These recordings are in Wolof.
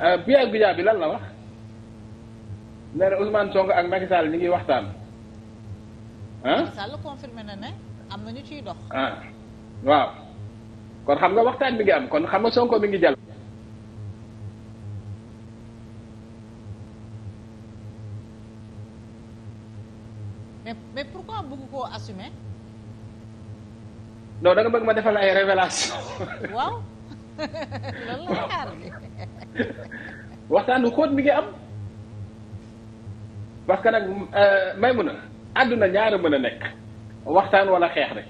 Euh, biyaa bijaa bi lan la wax nee na Ousmane ak Macky Sall ngi waxtaan ah Sall confirmé na ne am na ñu ciy dox ah waaw kon xam nga waxtaan mi ngi am kon xam nga Sonko mi ngi jàll mais mais pourquoi bëgg koo assumer non da nga bëgg ma defal ay révélation waaw waxtaanu xóot mi ngi am parce que nag euh, may mun a àdduna ñaara mën a nekk waxtaan wala xeex rek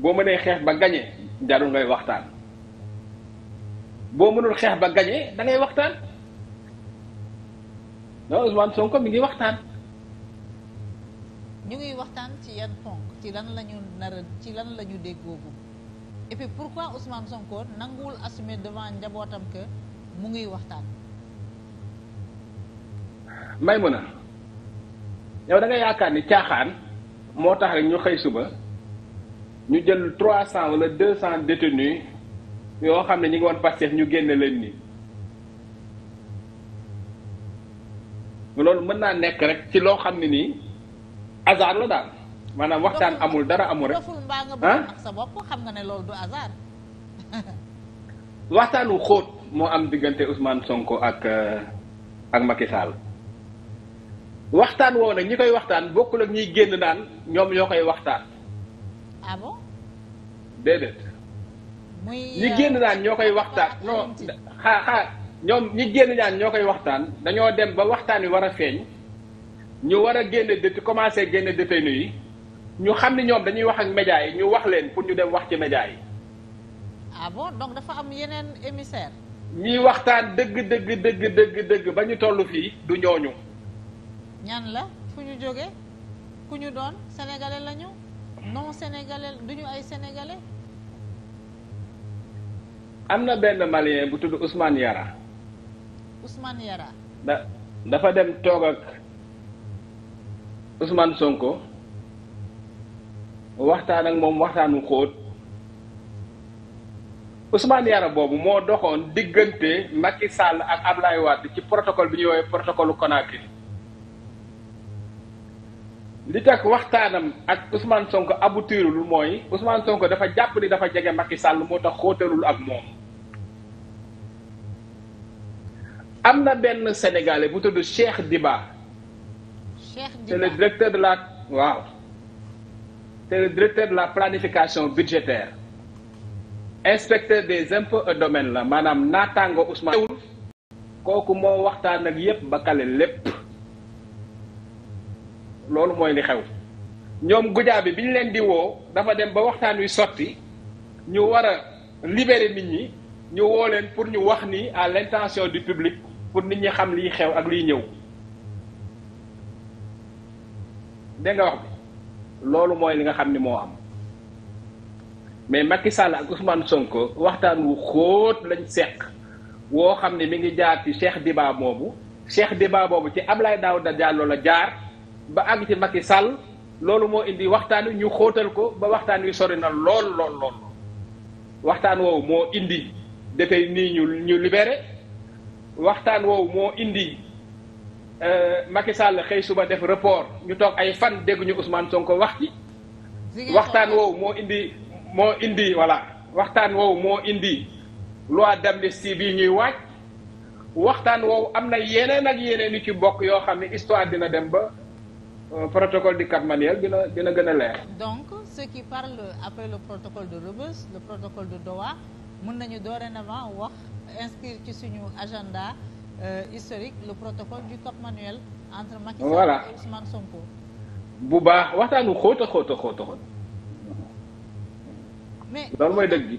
boo mënee xeex ba gañe jarul ngay waxtaan boo mënul xeex ba gañe dangay waxtaan non Ousmane Sonko mi ngi waxtaan ñu ngi waxtaan ci yan ponk ci lan lañu nar ci lan lañu déggoo et puis pourquoi Ousmane Sonko nanguwul assumer devant njabootam que mu ngi waxtaan. Maymuna yow da nga yaakaar ni caaxaan moo tax rek ñu xëy suba ñu jël trois cent wala deux cent détenus yoo xam ne ñu ngi won Pastef ñu génne leen nii. loolu mën naa nekk rek ci loo xam ne nii hasard la daal. maanaam waxtaan amul dara amu rek. mbaa nga sa bopp xam nga ne loolu du hasard. waxtaanu xóot moo am diggante Ousmane Sonko ak euh, ak Macky Sall waxtaan woo a ñi koy waxtaan bokkul ak ñiy génn daan ñoom ñoo koy waxtaan. ah bon. muy ñi euh, génn naan ñoo koy waxtaan non xaa génn naan ñoo koy waxtaan dañoo dem ba waxtaan wi war a feeñ ñu war a génn dëtt commencé génn détenu yi. ñu xam ne ñoom dañuy wax ak média yi ñu wax leen pour ñu dem wax ci média yi. ah bon donc dafa am yeneen émissaire ñiy waxtaan dëgg dëgg dëgg dëgg dëgg ba ñu toll fii du ñooñu. ñan la fu ñu jógee ku ñu doon sénégalais la ñu non sénégalais du ñu ay sénégalais. am na benn malien bu tudd Ousmane Yara. Ousmane Yara. da dafa dem toog ak Ousmane Sonko. waxtaan ak moom waxtaanu xóot Ousmane Yara boobu moo doxoon diggante Macky sàll ak Ablaye Wade ci protocole bi ñuy woowee protocole Conakry li tax waxtaanam ak Ousmane Sonko aboutirul mooy Ousmane Sonko dafa jàpp ni dafa jege Macky Sall moo tax xóotalul ak moom am na benn sénégalais bu tudd Cheikh Diba. Cheikh Diba c'est le directeur de la waaw. c'est directeur de la planification budgétaire inspecteur des impôts et domaines la maanaam naataango Ousmane teewul kooku moo waxtaan ak yépp ba lépp loolu mooy li xew ñoom gujaa bi bi ñu leen di woo dafa dem ba waxtaan wi sotti ñu war a libérer nit ñi ñu woo leen pour ñu wax ni à l'intention du public pour nit ñi xam liy xew ak luy ñëw dégg wax bi loolu mooy li nga xam ni moo am mais Macky sàll ak Ousmane Sonko waxtaan wu xóot lañ seq woo xam ne mi ngi jaar ci Cheikh Diba boobu Cheikh Diba boobu ci Ablaye da Diallo la jaar ba am ci Macky sàll loolu moo indi waxtaan wi ñu xóotal ko ba waxtaan wi sori na lool lool lool waxtaan woowu moo indi dafay nii ñu ñu libéré waxtaan woowu moo indi. Euh, Macky Sall xëy suba def report ñu toog ay fan dégguñu Ousmane Sonko wax ci waxtaan woow moo indi moo indi voilà waxtaan woow moo indi loi d'amnistie bii ñuy waaj waxtaan woowu am na yeneen ak yeneen yu ci bokk yoo xam ne histoire dina dem ba euh, protocole du Cap Manuel dina dina gën a leer. donc ceux qui parlent après le protocole de Rebeuss le protocole de Doha mën nañu dorénavant wax inscrire ci suñu agenda. Euh, historique le protocole du Cap Manuel entre Macky Sall voilà. et Ousmane bu baax waxtaanu xóot a xóot a xóot a xóot. mais loolu mooy dëgg gi.